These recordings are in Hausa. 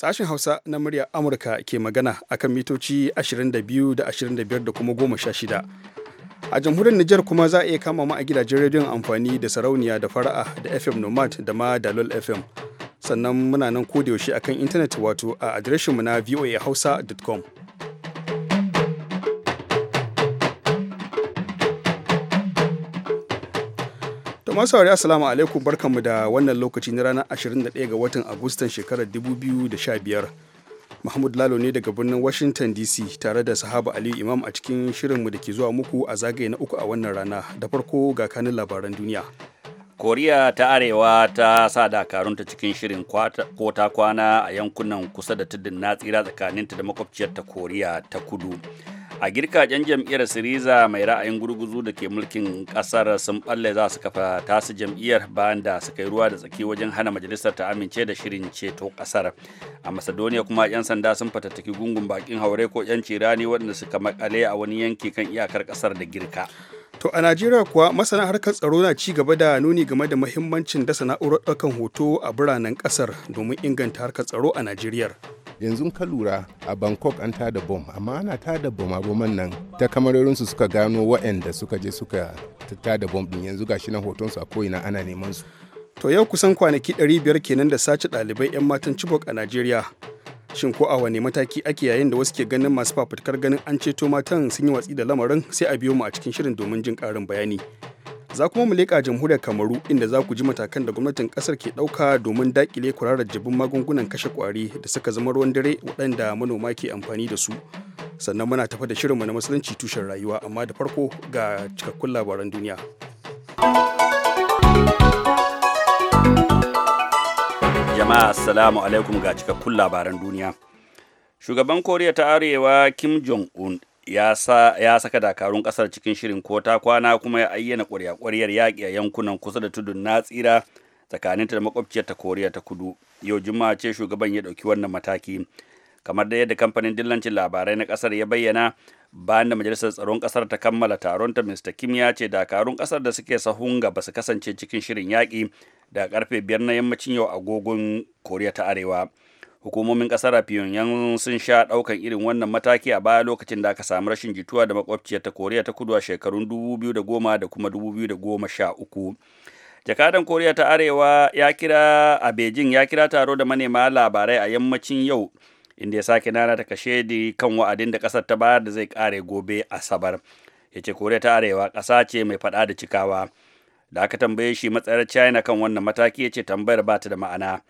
Sashen Hausa na murya Amurka ke magana akan mitoci 22 da 25 da kuma 16. A jamhuriyar Nijar kuma za a iya kama ma a gidajen rediyon amfani da sarauniya da fara'a da FM Nomad da ma Dalol FM. Sannan muna nan a akan intanet wato a adireshinmu na voahausa.com. kamar saurari assalamu alaikum barkanmu da wannan lokaci na ranar 21 ga watan agustan shekarar 2015 mahmud lalo ne daga birnin washington dc tare da sahaba aliyu imam a cikin shirinmu da ke zuwa muku a zagaye na uku a wannan rana da farko ga kanin labaran duniya koriya ta arewa ta sa dakarunta cikin shirin kota kwana a yankunan kusa da tudun na tsira tsakaninta da makwabciyarta koriya ta kudu a girka yan jam'iyyar siriza mai ra'ayin gurguzu da ke mulkin kasar sun balle za su kafa tasu jam'iyyar bayan da suka yi ruwa da tsaki wajen hana majalisar ta amince da shirin ceto kasar a macedonia kuma yan sanda sun fatattaki gungun bakin haure ko yan cirani waɗanda suka makale a wani yanki kan iyakar kasar da girka To a Najeriya kuwa masana harkar tsaro na ci gaba da nuni game da mahimmancin dasa na'urar ɗaukan hoto a biranen ƙasar domin inganta harkar tsaro a Najeriya. Yanzu ka lura a Bangkok an tada bom, amma ana tada bom a nan ta kamarorinsu suka gano waɗanda suka je suka tada bom ɗin yanzu gashi nan su a ko'ina ana neman su. To yau kusan kwanaki 500 kenan da sace ɗalibai 'yan matan Chibok a Najeriya. shin ko a wane mataki ake yayin da wasu ke ganin masu fafutukar ganin an ceto matan sun yi watsi da lamarin sai a biyo mu a cikin shirin domin jin karin bayani za kuma mu leƙa jamhuriyar kamaru inda za ku ji matakan da gwamnatin ƙasar ke ɗauka domin daƙile kurarar jibin magungunan kashe ƙwari da suka zama ruwan dare waɗanda manoma ke amfani da su sannan muna tafa da shirin shirinmu na musulunci tushen rayuwa amma da farko ga cikakkun labaran duniya. jama'a assalamu alaikum ga cikakkun labaran duniya shugaban koriya ta arewa kim jong-un ya saka dakarun kasar cikin shirin ko ta kwana kuma ya ayyana kwarya-kwaryar yaƙi a yankunan kusa da tudun na tsira tsakaninta da makwabciyar ta koriya ta kudu yau juma'a ce shugaban ya ɗauki wannan mataki kamar da yadda kamfanin dillancin labarai na kasar ya bayyana bayan da majalisar tsaron kasar ta kammala taronta mr kim ya ce dakarun kasar da suke sahun ba su kasance cikin shirin yaki da karfe biyar na yammacin yau agogon koriya ta arewa hukumomin kasar a pyongyang sun sha ɗaukan irin wannan mataki a baya lokacin da aka samu rashin jituwa da makwabciyar ta koriya ta kudu a shekarun 2010 da kuma 2013 jakadan koriya ta arewa ya kira a beijing ya kira taro da manema labarai a yammacin yau inda ya sake nana ta kashedi kan wa'adin da kasar ta bayar da zai kare gobe asabar ya ce koriya ta arewa ƙasa ce mai faɗa da cikawa da aka tambaye shi matsayar china kan wannan mataki ya ce tambayar ba ta da ma'ana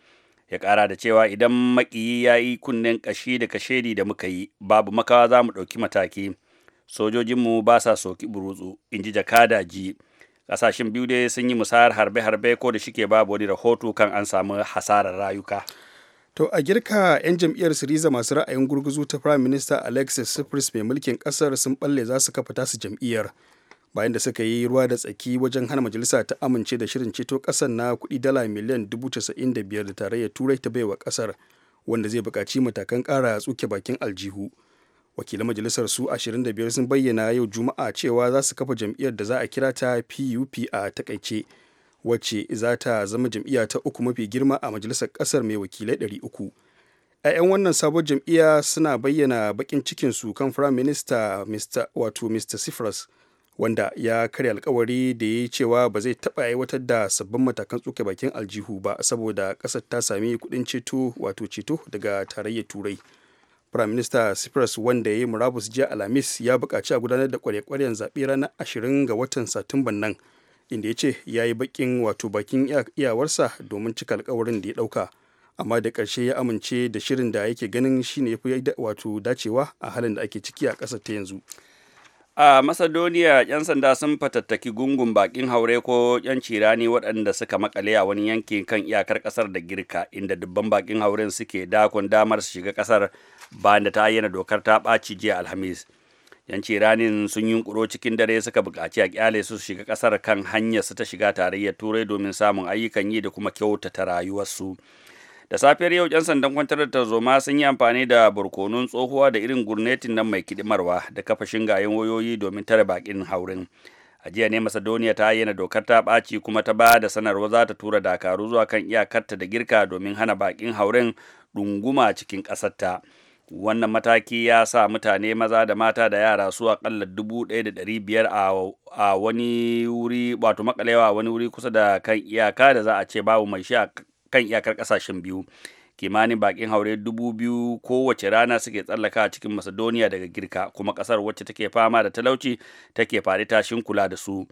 ya kara da cewa idan makiyi ya yi kunnen kashi da kashedi da muka yi babu makawa za mu ɗauki mataki sojojinmu ba sa soki burutsu in ji jakada ji ƙasashen biyu dai sun yi musayar harbe-harbe ko da shike babu wani rahoto kan an samu hasarar rayuka To a girka 'yan jam'iyyar Siriza masu ra'ayin gurguzu ta Prime Minister Alexis Tsipras mai mulkin kasar sun balle za su kafa tasu jam'iyyar bayan da suka yi ruwa da tsaki wajen hana majalisa ta amince da shirin ceto kasar na kuɗi dala miliyan 95 da tarayyar turai ta baiwa kasar wanda zai buƙaci matakan ƙara tsuke bakin aljihu. Wakilan majalisar su 25 sun bayyana yau Juma'a cewa za su kafa jam'iyyar da za a kira ta PUP a takaice. wacce za ta zama jam'iyya ta uku mafi girma a majalisar ƙasar mai wakilai 300 'ya'yan wannan sabon jam'iyya suna bayyana bakin cikinsu kan firayim minista wato mr sifras wanda ya karya alkawari da ya yi cewa ba zai taɓa aiwatar da sabbin matakan tsuke bakin aljihu ba saboda ƙasar ta sami kuɗin ceto wato ceto daga tarayyar turai Prime Minister Cyprus wanda ya yi murabus jiya Alhamis ya buƙaci a gudanar da ƙwarye-ƙwaryen zaɓe ranar 20 ga watan Satumban nan inda ya ce ya yi bakin wato bakin iyawarsa domin cika alkawarin da ya dauka amma da ƙarshe ya amince da shirin da yake ganin shine ya fi wato dacewa a halin da ake ciki a ƙasar ta yanzu a macedonia 'yan sanda sun fatattaki gungun bakin haure ko 'yan cirani waɗanda suka makale a wani yankin kan iyakar ƙasar da girka inda dubban bakin hauren suke dakon damar su shiga ƙasar bayan da ta ayyana dokar ta ɓaci jiya alhamis yanci ranin sun yunkuro cikin dare suka buƙaci a kyale su shiga ƙasar kan hanyar su ta shiga tarayyar turai domin samun ayyukan yi da kuma kyautata rayuwarsu da safiyar yau yan sandan kwantar da tarzoma sun yi amfani da barkonun tsohuwa da irin gurnetin nan mai kidimarwa da kafa shingayen wayoyi domin tare bakin haurin a jiya ne macedonia ta yana dokar ta ɓaci kuma ta ba da sanarwa za ta tura dakaru zuwa kan iyakarta da girka domin hana bakin haurin ɗunguma cikin ƙasarta. wannan mataki ya sa mutane maza da mata da yara su aƙalla dubu ɗaya da ɗari biyar a wani wuri wato makalewa wani wuri kusa da kan iyaka da za a ce babu mai shi a kan iyakar ƙasashen biyu kimanin bakin haure dubu biyu kowace rana suke tsallaka a cikin macedonia daga girka kuma ƙasar wacce take fama da talauci take faɗi tashin kula da su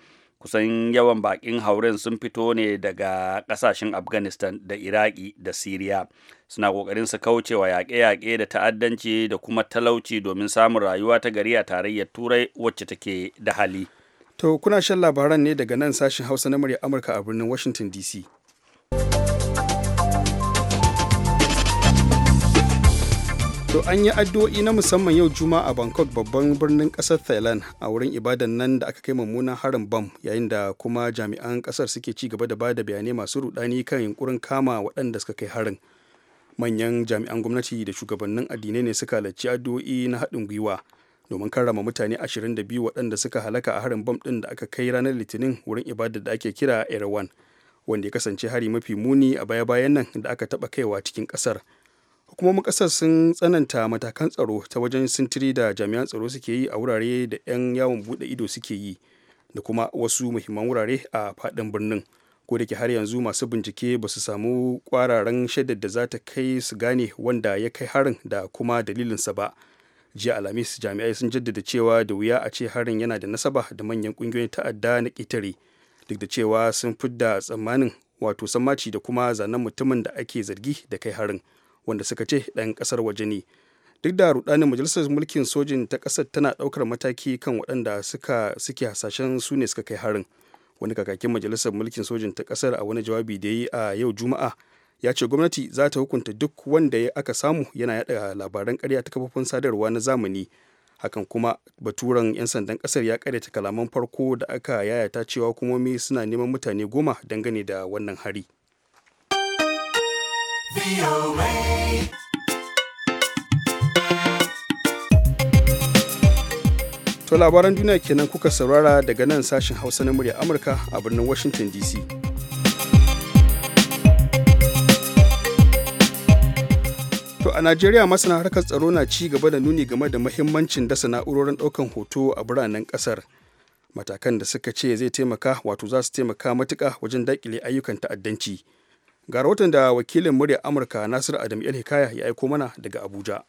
kusan yawan bakin hauren sun fito ne daga kasashen afghanistan da iraki da siriya suna kokarin su kauce wa yaƙe-yaƙe da ta'addanci da kuma talauci domin samun rayuwa ta gari a tarayyar turai wacce take da hali to kuna shan labaran ne daga nan sashen hausa na murya amurka a birnin washington dc To an yi addu'o'i na musamman yau Juma'a a Bangkok babban birnin kasar Thailand a wurin ibadan nan da aka kai mummunan harin bam yayin da kuma jami'an kasar suke ci gaba da bada bayanai masu rudani kan yunkurin kama waɗanda suka kai harin. Manyan jami'an gwamnati da shugabannin addinai ne suka halarci addu'o'i na haɗin gwiwa domin karrama mutane ashirin da 22 waɗanda suka halaka a harin bam ɗin da aka kai ranar Litinin wurin ibadar da ake kira Erwan wanda ya kasance hari mafi muni a baya-bayan nan da aka taɓa kaiwa cikin ƙasar. hukumomin kasar sun tsananta matakan tsaro ta wajen sintiri da jami'an tsaro suke yi a wurare da 'yan yawon bude ido suke yi da kuma wasu muhimman wurare a fadin birnin ko da ke har yanzu masu bincike ba su samu kwararan shaidar da za ta kai su gane wanda ya kai harin da kuma dalilinsa ba jiya alhamis jami'ai sun jaddada cewa da wuya a ce harin yana da nasaba da manyan kungiyoyin ta'adda na ƙetare duk da cewa sun fidda tsammanin wato sammaci da kuma zanen mutumin da ake zargi da kai harin wanda suka ce ɗan ƙasar waje ne duk da rudanin majalisar mulkin sojin ta ƙasar tana ɗaukar mataki kan waɗanda suka suke hasashen su ne suka kai harin wani kakakin majalisar mulkin sojin ta ƙasar a wani jawabi da yi a yau juma'a ya ce gwamnati za ta hukunta duk wanda ya aka samu yana yaɗa labaran ƙarya ta kafofin sadarwa na zamani hakan kuma baturan 'yan sandan ƙasar ya karyata kalaman farko da aka yayata cewa hukumomi suna neman mutane goma dangane da wannan hari. To labaran duniya kenan kuka saurara daga nan sashen Hausa na murya Amurka a birnin Washington DC. To a Najeriya masana harkar tsaro na ci gaba da nuni game da mahimmancin dasa na'urorin ɗaukan hoto a biranen ƙasar. Matakan da suka ce zai taimaka wato za su taimaka matuka wajen daƙile ayyukan ta'addanci. ga rahoton da wakilin muryar amurka nasir adam el hikaya ya aiko mana daga abuja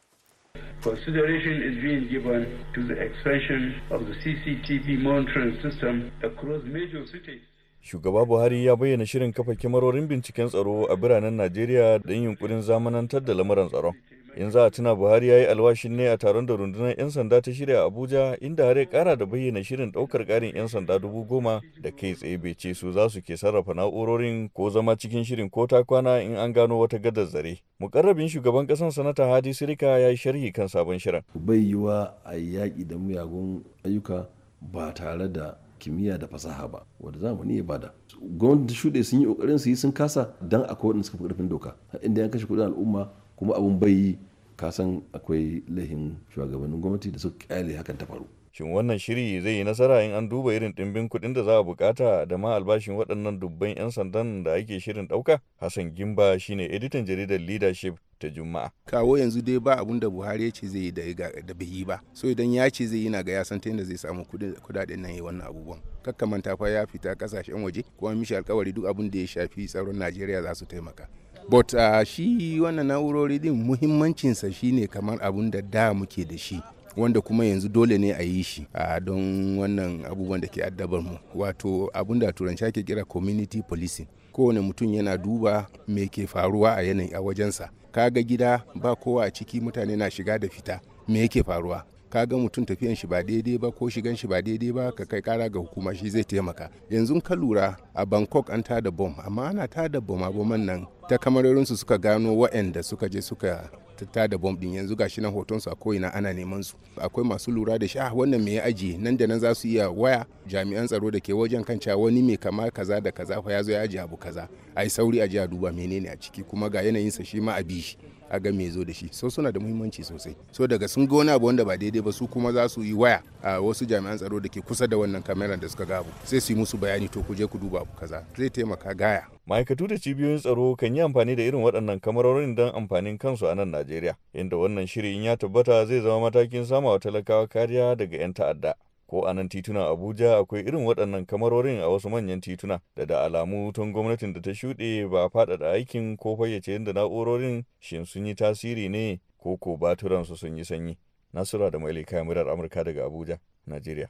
Shugaba Buhari ya bayyana shirin kafa kyamarorin binciken tsaro a biranen Najeriya don yunkurin zamanantar da lamuran tsaro. in za a tuna buhari ya yi alwashin ne a taron da rundunar 'yan sanda ta shirya abuja inda har ya kara da bayyana shirin daukar karin 'yan sanda dubu goma da kai tsaye bai ce su za su ke sarrafa na'urorin ko zama cikin shirin ko ta kwana in an gano wata gadar zare mukarrabin shugaban kasan sanata hadi sirika ya yi sharhi kan sabon shirin bai yiwa a yaƙi da muyagun ayyuka ba tare da kimiyya da fasaha ba wanda ne ba da. gwamnati shuɗe sun yi ƙoƙarin su yi sun kasa don akwai waɗanda suka fi ƙarfin doka inda ya kashe kuɗin al'umma kuma abun bai ka san akwai lahin shugabannin gwamnati da suka kyale hakan ta faru shin wannan shiri zai yi nasara in an duba irin ɗimbin kuɗin da za a bukata da ma albashin waɗannan dubban 'yan sandan da ake shirin ɗauka hassan gimba shine editan jaridar leadership ta juma'a kawo yanzu dai ba abun da buhari ya ce zai yi da bihi ba so idan ya ce zai yi na ga ya san ta yadda zai samu kudaden nan ya wannan abubuwan kakkamanta fa ya fita kasashen waje kuma mishi alkawari duk abun da ya shafi tsaron najeriya za su taimaka but uh, shi wannan na'urori din muhimmancinsa shine kamar abun da da muke da shi wanda kuma yanzu dole ne a yi shi a uh, don wannan abubuwan da ke addabar mu wato abun da turanci ake kira community policing kowane mutum yana duba me ke faruwa a yanayi a wajensa kaga gida ba kowa a ciki mutane na shiga da fita me yake faruwa ka ga mutum tafiyan shi ba daidai ba ko shigan shi ba daidai ba ka kai kara ga hukuma shi zai taimaka yanzu ka lura a bangkok an tada bom amma ana tada bom aboman nan ta kamarorinsu suka gano waɗanda suka je suka ta bom din yanzu gashi nan hoton su a ina ana neman su akwai masu lura da shi ah wannan me ya ajiye nan da nan za su iya waya jami'an tsaro da ke wajen kan cewa wani mai kama kaza da kaza fa ya zo ya aje abu kaza ai sauri a ji a duba menene a ciki kuma ga yanayin sa shi ma a bi shi a ga me zo da shi so suna da muhimmanci sosai so daga sun ga wani abu wanda ba daidai ba su kuma za su yi waya a wasu jami'an tsaro da ke kusa da wannan kameran da suka gabu sai su yi musu bayani to ku je ku duba abu kaza zai taimaka gaya ma'aikatu da cibiyoyin tsaro kan yi amfani da irin waɗannan kamarorin don amfanin kansu a nan najeriya inda wannan shirin ya tabbata zai zama matakin samawa talakawa kariya daga 'yan ta'adda ko a nan tituna abuja akwai irin waɗannan kamarorin a wasu manyan tituna da da alamu tun gwamnatin da ta shuɗe ba faɗaɗa aikin ko fayyace yadda na'urorin shin sun yi tasiri ne ko ko baturansu sun yi sanyi nasura da maili kayan murar amurka daga abuja najeriya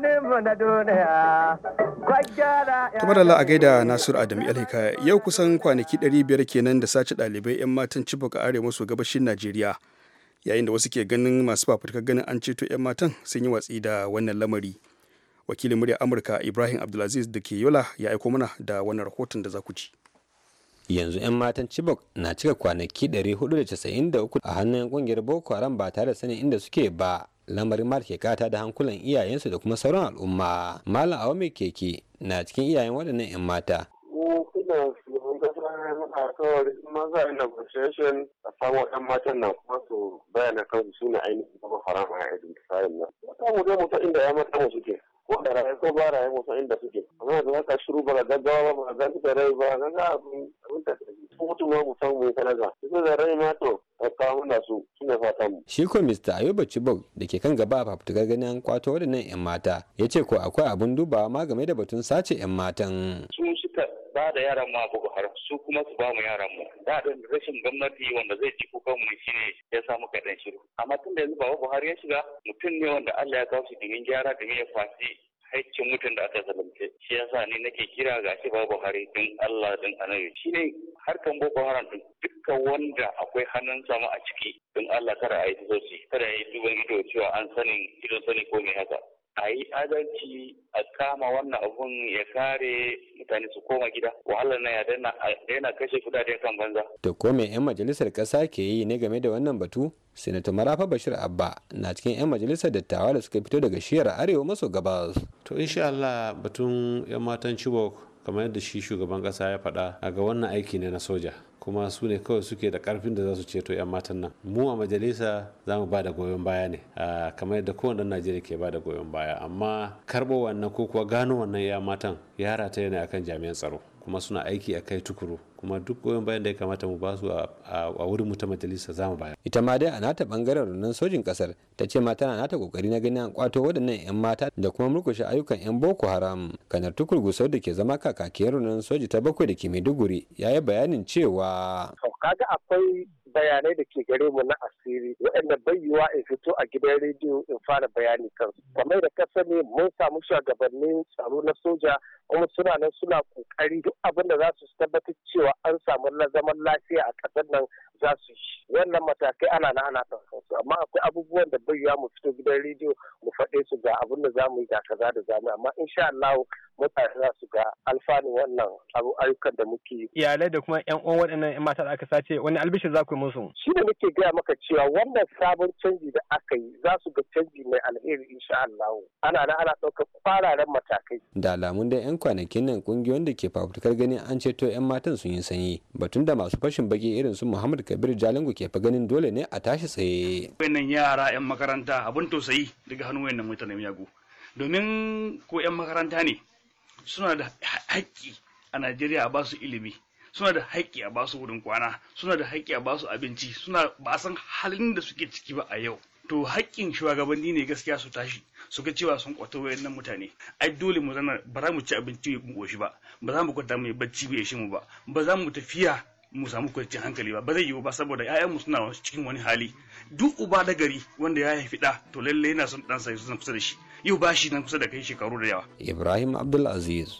Kuma da a gaida Nasiru Adamu Alhikaya yau kusan kwanaki 500 kenan da sace ɗalibai 'yan matan cibok a arewa maso gabashin Najeriya. Yayin da wasu ke ganin masu fafutukar ganin an ceto 'yan matan sun yi watsi da wannan lamari. Wakilin murya Amurka Ibrahim Abdulaziz da ke Yola ya aiko mana da wannan rahoton da za ku ci. yanzu 'yan matan cibok na cika kwanaki 493 a hannun kungiyar boko haram ba tare da sanin inda suke ba lamarin ma ke kata da hankulan iyayensu da kuma sauran al'umma malam awame keke na cikin iyayen waɗannan 'yan mata alkawarin maza nan kuma su ne ainihin Ko ba mutum inda suke. Amma shiru ba gaggawa ba ba su da rai ba ga abin abin da su mutum ma mu mu Su da rai ma to kawo su suna fatan mu. Shi ko Mr. Ayuba Chibok da ke kan gaba a fafutukar ganin an kwato waɗannan 'yan mata ya ce ko akwai abun dubawa ma game da batun sace 'yan matan. Su suka ba da yaran ma Boko Haram su kuma su ba mu yaran mu. Da ɗin rashin gwamnati wanda zai ci kukan mu shi ne ya sa muka ɗan shiru. Amma tun da yanzu Baba Buhari ya shiga mutum ne wanda Allah ya kawo shi domin gyara domin ya fasi haicin mutum da aka zalunce shi yasa ne nake kira ga shi babu hari din Allah din annabi shine harkan boko haram din duk duka wanda akwai hannun sama a ciki don Allah kada a yi tsoci kada ya yi duban ido cewa an sanin ido sani ko mai haka a yi adalci a kama wannan abun ya kare mutane su koma gida wahala na ya daina kashe kudade kan banza to ko me yan majalisar kasa ke yi ne game da wannan batu Sinata Marafa Bashir Abba na cikin 'yan majalisar dattawa da suka fito daga shiyar Arewa maso gabas. To insha Allah batun 'yan matan cibok kamar yadda shi shugaban kasa ya faɗa a ga wannan aiki ne na soja kuma su ne kawai suke da karfin da za su ceto 'yan matan nan mu a majalisa za mu ba goyon baya ne kamar yadda kowane najeriya ke ba da goyon baya amma karɓo wannan ko kuwa gano wannan 'yan matan yara ta yana akan jami'an tsaro kuma suna aiki a kai tukuru kuma duk goyon bayan da ya kamata mu basu a wurin mu ta majalisa zamu baya ita ma dai a nata bangaren rundunar sojin kasar ta ce ma tana nata kokari na ganin an kwato waɗannan yan mata da kuma murkushe ayyukan yan boko haram kanar tukuru gusau da ke zama kakakiyar rundunar soji ta bakwai da ke maiduguri ya yi bayanin cewa kaga akwai bayanai da ke gare mu na asiri waɗanda bayyuwa in fito a gidan rediyo in fara bayani kansu kamar da ka sani mun samu shugabannin tsaro na soja kuma suna nan suna kokari duk abin da za su tabbatar cewa an samu na zaman lafiya a ƙasar nan za su yi wannan matakai ana na ana su amma akwai abubuwan da bayyuwa mu fito gidan rediyo mu faɗe su ga abin da za mu yi ga kaza da zamu amma insha Allah mutane za su ga alfanun wannan abu ayyukan da muke iyalai da kuma yan uwan waɗannan yan mata da aka sace wani albishi za ku musu shi ne muke gaya maka cewa wannan sabon canji da aka yi za su ga canji mai alheri insha Allah ana da ana ɗaukar kwararen matakai da alamun da yan kwanakin nan kungiyoyin da ke fafutukar ganin an ceto yan matan sun yi sanyi batun da masu fashin baki irin su Muhammad Kabir jalingu ke fa ganin dole ne a tashi tsaye wannan yara yan makaranta abun tausayi daga hannun wayannan mutanen yago domin ko 'yan makaranta ne suna da haƙƙi a Najeriya a ba su ilimi suna da haƙƙi a ba su wurin kwana suna da haƙƙi a ba su abinci suna ba san halin da suke ciki ba a yau to haƙƙin shugabanni ne gaskiya su tashi su ga cewa sun kwato wayannan mutane ai dole mu zana ba za mu ci abinci mu goshi ba ba za mu kwanta mu bacci bai shi mu ba ba za mu tafiya mu samu kwanci hankali ba ba zai yiwu ba saboda ƴaƴanmu suna cikin wani hali duk uba da gari wanda ya haifi da to lalle yana son dan sa suna kusa da shi yau ba shi nan kusa da kai shekaru da yawa Ibrahim Abdulaziz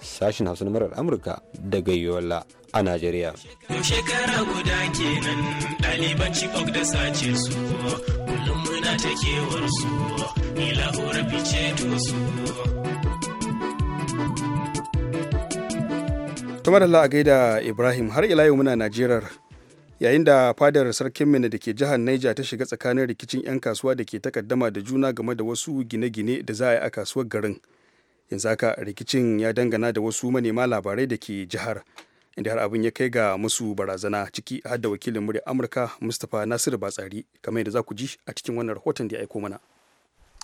sashin Hausa na murar Amurka daga Yola a Najeriya yau shekara guda kenan ɗaliban Chibok da sace su kullum muna take kewar su ni lahura fice to su tumar Allah a gaida Ibrahim har ila yau muna Najerar yayin da fadar sarkin mena da ke jihar Niger ta shiga tsakanin rikicin 'yan kasuwa da ke takaddama da juna game da wasu gine-gine da za a yi a kasuwar garin. Yanzu haka rikicin ya dangana da wasu manema labarai da ke jihar inda har abin ya kai ga musu barazana ciki har da wakilin murya Amurka Mustapha Nasiru Batsari kamar yadda za ku ji a cikin wannan rahoton da ya aiko mana.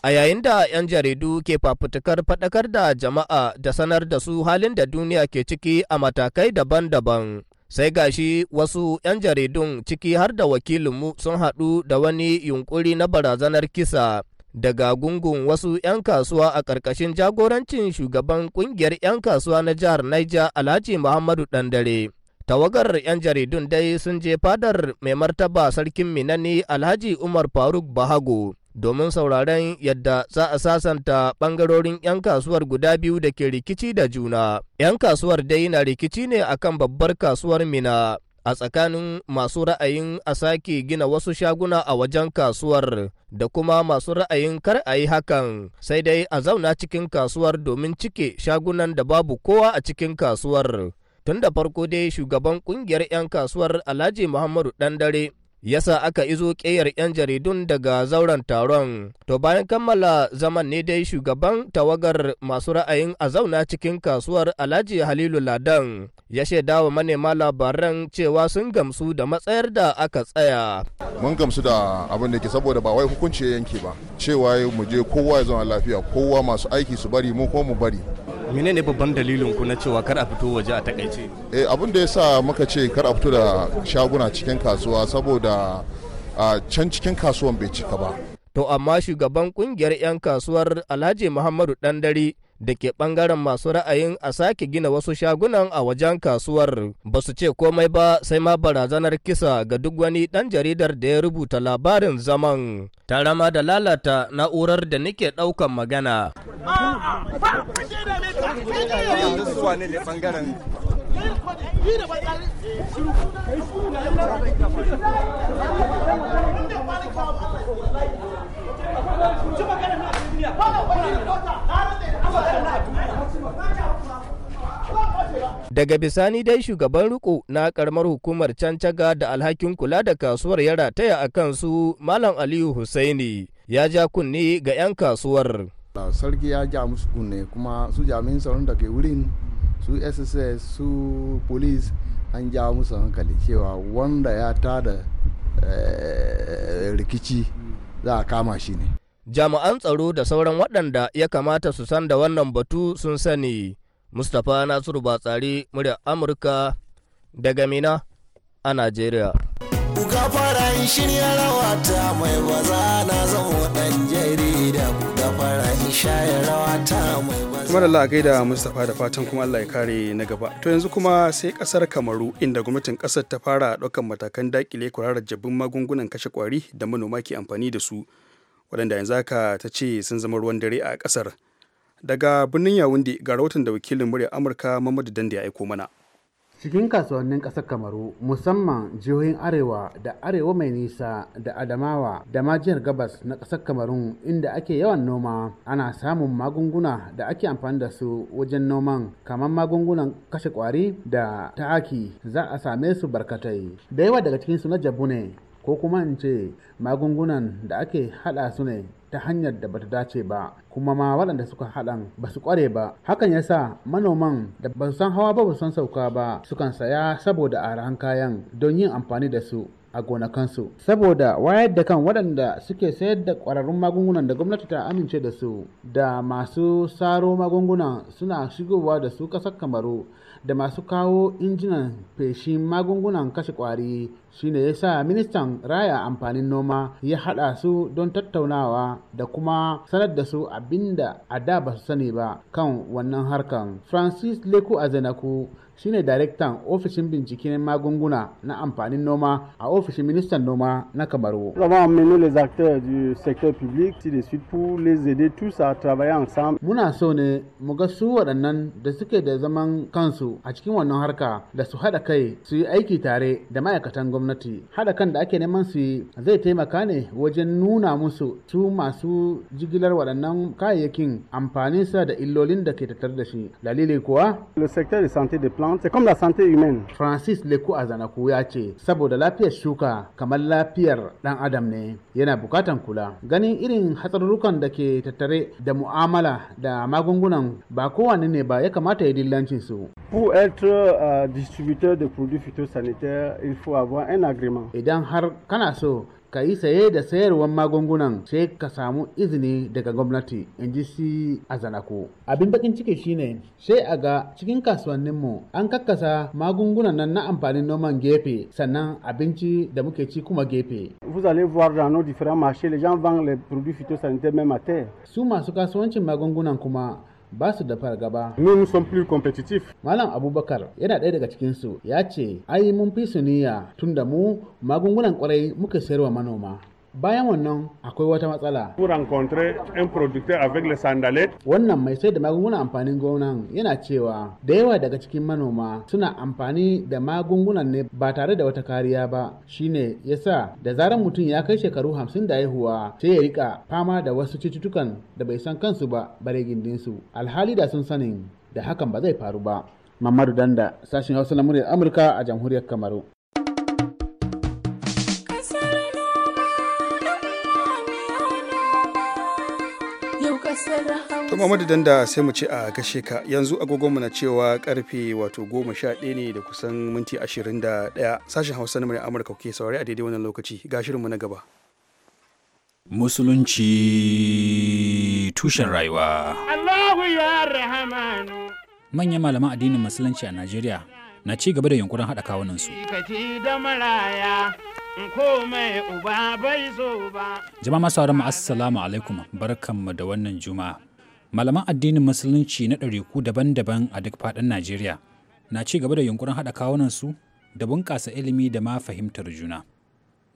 A yayin da 'yan jaridu ke fafutukar faɗakar da jama'a da sanar da su halin da duniya ke ciki a matakai daban-daban, sai gashi wasu 'yan jaridun ciki har da wakilinmu sun haɗu da wani yunƙuri na barazanar kisa daga gungun wasu 'yan kasuwa a ƙarƙashin jagorancin shugaban ƙungiyar 'yan kasuwa na jihar Niger Alhaji Muhammadu Ɗandare. Tawagar 'yan jaridun dai sun je fadar mai martaba sarkin Minani Alhaji Umar Faruk Bahago. domin sauraren yadda za a sasanta bangarorin 'yan kasuwar guda biyu da ke rikici da juna. 'Yan kasuwar dai na rikici ne akan babbar kasuwar Mina a tsakanin masu ra'ayin a sake gina wasu shaguna a wajen kasuwar da kuma masu ra'ayin kar a yi hakan sai dai a zauna cikin kasuwar domin cike shagunan da babu kowa a cikin kasuwar. Tun da farko dai shugaban ƙungiyar 'yan kasuwar Alhaji Muhammadu Dandare yasa aka izo ƙeyar 'yan jaridun daga zauren taron. To bayan kammala zaman ne dai shugaban tawagar masu ra'ayin a zauna cikin kasuwar Alhaji Halilu Ladan ya shaidawa manema labaran cewa sun gamsu da matsayar da aka tsaya. Mun gamsu da abin da ke saboda ba wai hukunci yanke ba. Cewa mu je kowa ya zauna lafiya, kowa masu aiki su bari mu ko mu bari. ne babban dalilin ku na cewa kar a fito waje a takaice eh abin da yasa muka ce kar a fito da shaguna cikin kasuwa saboda a can cikin kasuwan bai cika ba to amma shugaban kungiyar 'yan kasuwar alhaji muhammadu dandare da ke bangaren masu ra'ayin a sake gina wasu shagunan a wajen kasuwar ba su ce komai ba sai ma barazanar kisa ga duk wani dan jaridar da ya rubuta labarin zaman tare ma da lalata na'urar da nake ɗaukan magana. Jama'a Daga bisani dai shugaban riko na karamar hukumar Cancaga da alhakin kula da kasuwar ya rataya a kansu Malam Aliyu hussaini ya ja kunne ga 'yan kasuwar. Sarki ya ja musu kunne kuma su jami'in tsaron da ke wurin su SSS su police an ja musu hankali cewa wanda ya tada eh, rikici za a kama shi ne. jami'an tsaro da sauran waɗanda ya kamata su san da wannan batu sun sani mustapha nasiru batsari murya amurka daga mina a najeriya kuka fara in shirya rawa mai baza na zama kuka fara in shaya rawa ta mai baza kuma da Allah gaida Mustapha da fatan kuma Allah ya kare na gaba to yanzu kuma sai kasar Kamaru inda gwamnatin kasar ta fara ɗaukan matakan dakile kurarar jabin magungunan kashe kwari da manoma ke amfani da su waɗanda yanzu aka ta ce sun zama ruwan dare a kasar. daga birnin yawundi ga rahoton da wakilin murya amurka mamadu dande ya aiko mana cikin kasuwannin ƙasar kamaru musamman jihohin arewa da arewa mai nisa da adamawa da ma majiyar gabas na ƙasar kamaru inda ake yawan noma ana samun magunguna da ake amfani da su wajen noman kamar magungunan kashe kwari da ta'aki za a same su barkatai da yawa daga cikinsu na jabu ne ko kuma in ce magungunan da ake haɗa su ne ta hanyar da bata dace ba kuma ma waɗanda suka haɗan ba su ƙware ba hakan ya sa manoman da ba san hawa ba ba san sauka ba sukan saya saboda arahan kayan don yin amfani da su a gonakansu saboda wayar da kan waɗanda suke sayar da ƙwararrun magungunan da gwamnati ta amince da su da masu saro magungunan suna shigowa da su ƙasar kamaru da masu kawo injinan feshin magungunan kashe ƙwari shine ya sa ministan raya amfanin noma ya haɗa su don tattaunawa da kuma sanar da su abinda a da ba su sani ba kan wannan harkan francis leku azenaku shine daraktan ofishin binciken magunguna na amfanin noma a ofishin ministan noma na kamaru. Muna so ne mu ga su waɗannan da suke da zaman kansu a cikin wannan harka da su haɗa kai su yi aiki tare da ma'aikatan gwamnati. hada kan da ake neman su yi zai taimaka ne wajen nuna musu su masu jigilar waɗannan kayayyakin sa da illolin da ke tattare da shi. Dalili kuwa? Le plante, c'est comme la santé humaine. Francis Leku Azanaku ya ce, saboda lafiyar shuka kamar lafiyar dan adam ne yana bukatan kula. Ganin irin hatsarurrukan da ke tattare da mu'amala da magungunan ba kowane ne ba ya kamata ya dillancin su. Pour être uh, distributeur de produits phytosanitaires, il faut avoir un agrément. Idan har kana so ka yi saye da sayarwar magungunan sai ka samu izini daga gwamnati in ji si a zanako abin bakin ciki shine sai a ga cikin kasuwannin mu. an kakkasa magungunan nan na amfanin noman gefe sannan abinci da muke ci kuma gefe vous allez voir dans nos différents marchés les gens vendent les produits phytosanitaires même à terre su masu kasuwancin magungunan kuma ba su da fargaba. Nous sommes plus compétitifs. Malam Abubakar yana ɗaya daga cikin su ya ce ai mun fi su niyya tunda mu magungunan ƙwarai muka sayarwa manoma. Bayan wannan akwai wata matsala. un producteur avec les Wannan mai sai da magungunan amfanin gonan yana cewa da yawa daga cikin manoma suna amfani da magungunan ne ba tare da wata kariya ba. Shine yasa da zarar mutum ya kai shekaru hamsin da haihuwa sai ya rika fama da wasu cututtukan da bai san kansu ba bare gindinsu. Alhali da sun sanin da hakan ba zai faru ba. Mamadu Danda, sashen Hausa na Amurka a jamhuriyar Kamaru. kuma madadin da sai mu ce a gashe ka yanzu agogonmu na cewa karfe wato goma sha ɗaya ne da kusan minti ashirin da ɗaya sashen hausa na murya amurka kuke saurari a daidai wannan lokaci ga shirinmu na gaba musulunci tushen rayuwa Allahu ya manyan malaman addinin musulunci a najeriya na ci gaba da yunkurin haɗa su jama'a masu mu assalamu alaikum barkanmu da wannan juma'a malaman addinin musulunci na ɗariku daban-daban a duk faɗin najeriya na ci gaba da yunkurin haɗa kawunan su da bunƙasa ilimi da ma fahimtar juna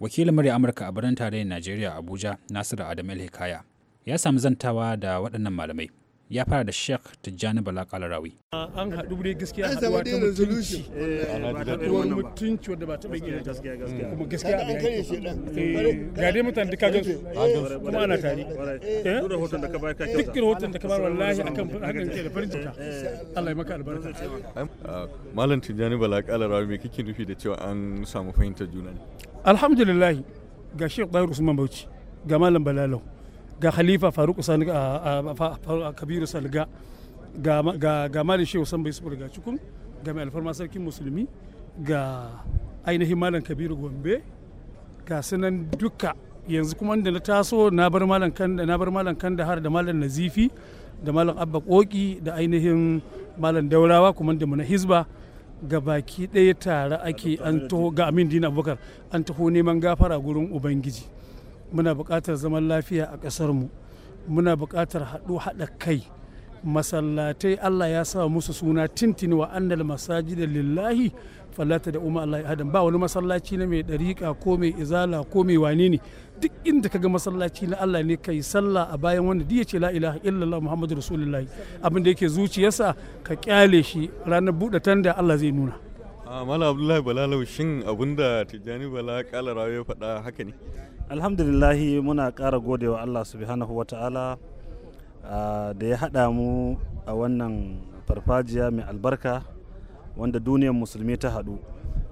wakilin murya amurka a birnin tarayyar najeriya abuja nasiru adam el hikaya ya sami zantawa da waɗannan malamai ya fara da sheikh tijjani bala kalarawi ah, an haɗu dai gaskiya haɗuwa ta mutunci eh, eh, haɗuwar mutunci wadda ba ta bai gina gaskiya kuma gaskiya an kare shi eh, ga dai mutane duka gansu kuma ana tare duk rahoton da ka bayar ka duk rahoton wallahi akan hakan ke da farin jika Allah ya maka albarka ah, malam tijjani bala kalarawi mai kike nufi da cewa an samu fahimtar juna ne alhamdulillah ga sheikh Bayar Usman Bauchi ga malam Balalau ga khalifa faruk kabiru salga ga malin shehu san bai su ga cikin ga mai alfarma sarkin musulmi ga ainihin malam kabiru gombe ga sunan duka yanzu kuma da na taso na bar malam kanda na bar malam kanda har da malam nazifi da malam abba koki da ainihin malam daurawa kuma da muna hizba ga baki ɗaya tare ake an taho ga amin dina abubakar an taho neman gafara gurin ubangiji muna buƙatar zaman lafiya a ƙasarmu muna buƙatar haɗu haɗa kai masallatai Allah ya sa musu suna tintini wa annal masajida lillahi fallata da umma Allah hadan ba wani masallaci na mai dariƙa ko mai izala ko mai wane ne duk inda ka ga masallaci na Allah ne kai sallah a bayan wanda duk yace la ilaha illallah muhammadu rasulullahi abin da yake zuciyarsa ka kyale shi ranar buɗe tanda Allah zai nuna A ah, Mala Abdullahi Balalau shin abinda Tijjani Bala kala rawa ya faɗa haka ne? alhamdulillahi muna kara gode wa allah subhanahu wa ta'ala ah, da ya haɗa mu a wannan farfajiya mai albarka wanda duniyar musulmi ta haɗu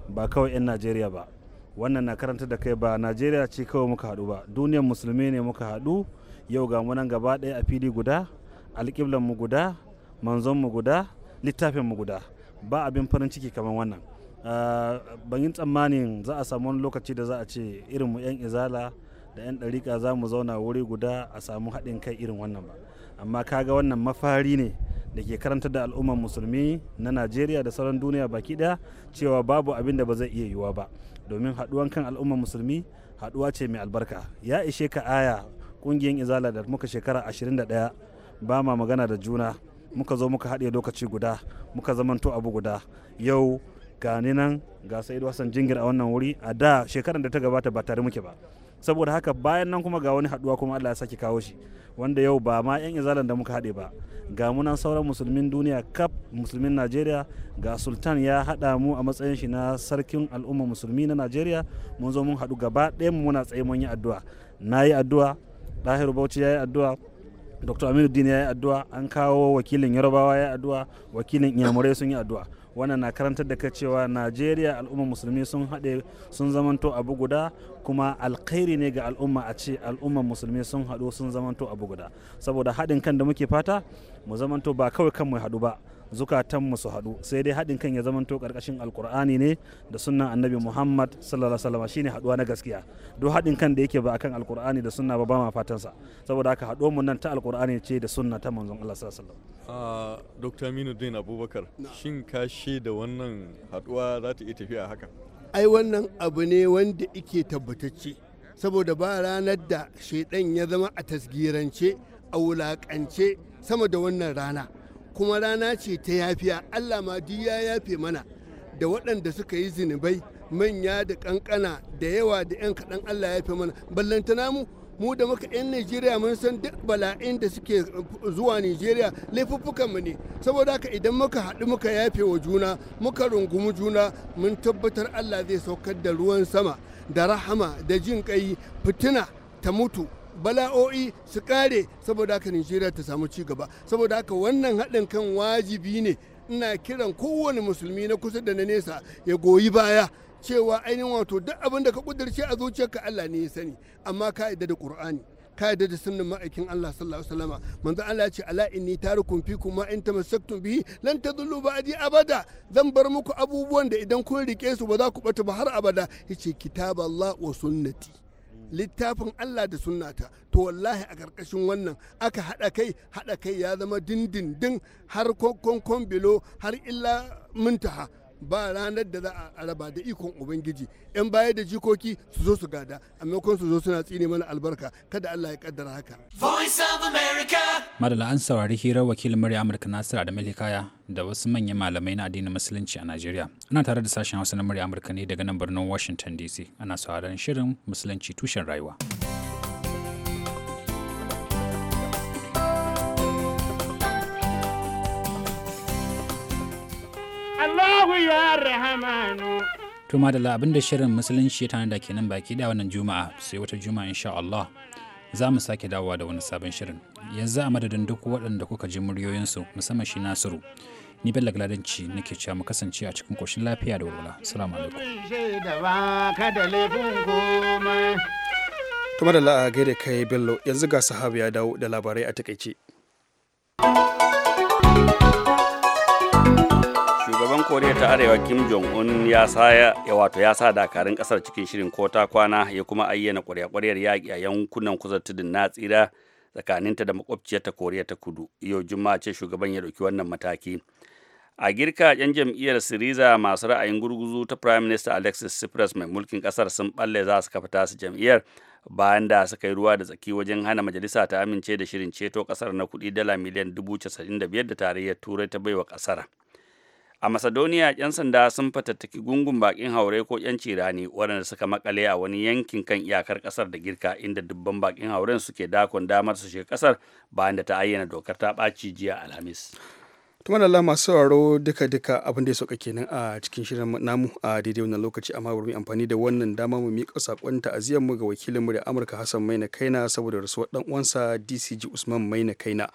ba kawai 'yan najeriya ba wannan na karanta da kai ba najeriya ce kawai muka haɗu ba duniyar musulmi ne muka haɗu yau ga munan gaba ɗaya a fili guda alƙiblan mu guda manzon mu guda littafin mu guda ba abin farin ciki kamar wannan Ah, bangin tsammanin za a samu wani lokaci da za a ce irin mu 'yan izala da 'yan ɗarika za mu zauna wuri guda a samu haɗin kai irin wannan ba amma kaga wannan mafari ne da ke karanta da al'ummar musulmi na najeriya da sauran duniya baki ɗaya cewa babu abin da ba zai iya yiwuwa ba domin haɗuwan kan al'ummar musulmi haɗuwa ce mai albarka ya ishe ka aya ƙungiyar izala da muka shekara ashirin 21 ba ma magana da juna muka zo muka haɗe lokaci guda muka zamanto abu guda yau ga ni nan ga sa'idu hassan jingir a wannan wuri a da shekarar da ta gabata ba tare muke ba saboda haka bayan nan kuma ga wani haduwa kuma allah ya sake kawo shi wanda yau ba ma yan izalan da muka haɗe ba ga munan sauran musulmin duniya kap musulmin najeriya ga sultan ya haɗa mu a matsayin shi na sarkin al'umma musulmi na najeriya mun zo mun haɗu gaba ɗaya mu muna tsaye mun yi addu'a na yi addu'a ɗahiru bauchi ya yi addu'a dr aminu dini ya yi addu'a an kawo wakilin Yarbawa ya yi addu'a wakilin inyamurai sun yi addu'a wannan na karantar da ka cewa najeriya al'ummar musulmi sun haɗe sun zamanto abu guda kuma alkhairi ne ga al'umma a ce al'ummar musulmi sun haɗu sun zamanto abu guda saboda haɗin kan da muke fata mu zamanto ba kawai kan mu haɗu ba zukatanmu su haɗu sai dai haɗin kan ya zamanto ƙarƙashin alkur'ani ne da sunnan annabi muhammad sallallahu alaihi wasallam shine haɗuwa na gaskiya duk haɗin kan da yake ba akan alkur'ani da sunna ba ba ma fatan sa saboda haka haɗo mu nan ta alkur'ani ce da sunna ta manzon allah sallallahu alaihi wasallam ah, dr aminuddin abubakar shin ka da wannan haɗuwa za ta iya tafiya haka ai wannan abu ne wanda ike tabbatacce saboda ba ranar da shaidan ya zama a tasgirance a wulakance sama da wannan rana kuma rana ce ta yafiya allah ma duk ya yafe mana da waɗanda suka yi zinubai manya da ƙanƙana da yawa da 'yan kaɗan allah ya yafe mana ballantana mu mu da muka 'yan Najeriya mun san duk bala'in da suke zuwa Najeriya mu ne saboda haka idan muka haɗu muka yafe wa juna muka rungumi juna mun tabbatar Allah zai saukar da ruwan sama da rahama da jin ƙai fitina ta mutu bala'o'i su kare saboda haka Nijeriya ta samu ci gaba saboda haka wannan haɗin kan wajibi ne ina kiran kowane musulmi na kusa da na nesa ya goyi baya cewa ainihin wato duk abin da ka kudirce a zuciyarka Allah ne ya sani amma ka yadda da Qur'ani ka yadda da sunnan ma'aikin Allah sallallahu alaihi wasallama manzo Allah ya ce ala inni tarukum fikum ma in tamassaktum bihi lan tadullu ba'di abada zan bar muku abubuwan da idan kun rike su ba za ku bata ba har abada yace kitaballah wa sunnati littafin Allah da sunnata to wallahi a ƙarƙashin wannan aka haɗa kai haɗa kai ya zama dindindin har kokon bilo har illa muntaha ba ranar da za a raba da ikon ubangiji yan baya da jikoki su zo su gada a maimakon su zo suna tsine mana albarka kada Allah ya kaddara haka voice of america an saurari hirar wakilin murya amurka nasir adam kaya da wasu manyan malamai na addinin musulunci a najeriya ana tare da sashen hausa na murya amurka ne daga nan birnin washington dc ana sauraron shirin musulunci tushen rayuwa arhamanu to madalla abinda shirin musulunci ya ke nan baki da wannan juma'a sai wata juma'a insha Allah za mu sake dawowa da wani sabon shirin yanzu a madadin duk waɗanda kuka ji muryoyinsu musamman shi nasiru ni bella gladanci nake cewa mu kasance a cikin koshin lafiya da walwala assalamu alaikum kuma da la'a gaida kai bello yanzu ga sahabu ya dawo da labarai a takaice koriya ta arewa kim jong un ya sa ya wato ya sa dakarun kasar cikin shirin ko ta kwana ya kuma ayyana kwarya-kwaryar yaƙi a yankunan kusa tudun na tsira tsakaninta da makwabciyarta koriya ta kudu yau juma'a ce shugaban ya ɗauki wannan mataki a girka yan jam'iyyar siriza masu ra'ayin gurguzu ta prime minister alexis cyprus mai mulkin kasar sun balle za su kafa tasu jam'iyyar bayan da suka yi ruwa da tsaki wajen hana majalisa ta amince da shirin ceto kasar na kuɗi dala miliyan dubu casa'in da biyar da tarayyar turai ta baiwa kasar a macedonia yan sanda sun fatattaki gungun bakin haure ko yan cirani waɗanda suka makale a wani yankin kan iyakar ƙasar da girka inda dubban bakin hauren suke dakon damar su shiga ƙasar bayan da ta ayyana dokar ta ɓaci jiya alhamis tuma da masu sauraro duka-duka abin da ya sauka kenan a cikin shirin namu a daidai wannan lokaci amma bari amfani da wannan dama mu miƙa sakon ta'aziyar mu ga wakilin mu da Amurka Hassan Maina Kaina saboda rasuwar dan uwansa DCG Usman Maina Kaina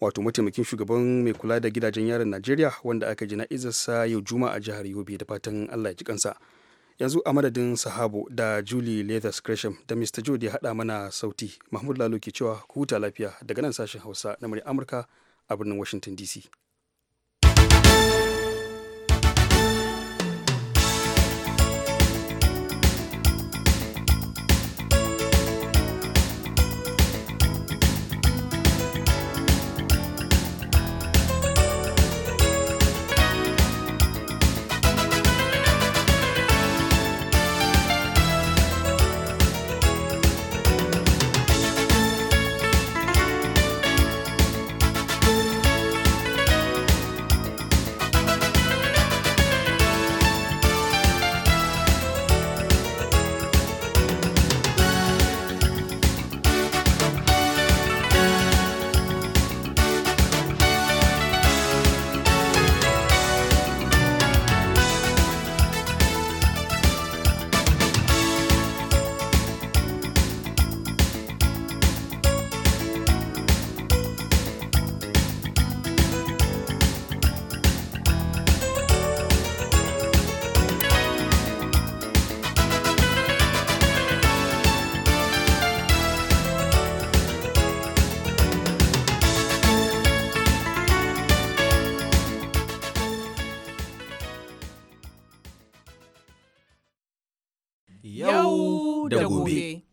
wato mataimakin shugaban mai kula da gidajen yaron najeriya wanda aka ji na'izarsa yau juma'a a jihar yobe da fatan allah ji kansa yanzu a madadin sahabo da julie leathers gresham da mr jode ya haɗa mana sauti mahmud lalo ke cewa ku huta lafiya daga nan sashen hausa na amurka a birnin washington dc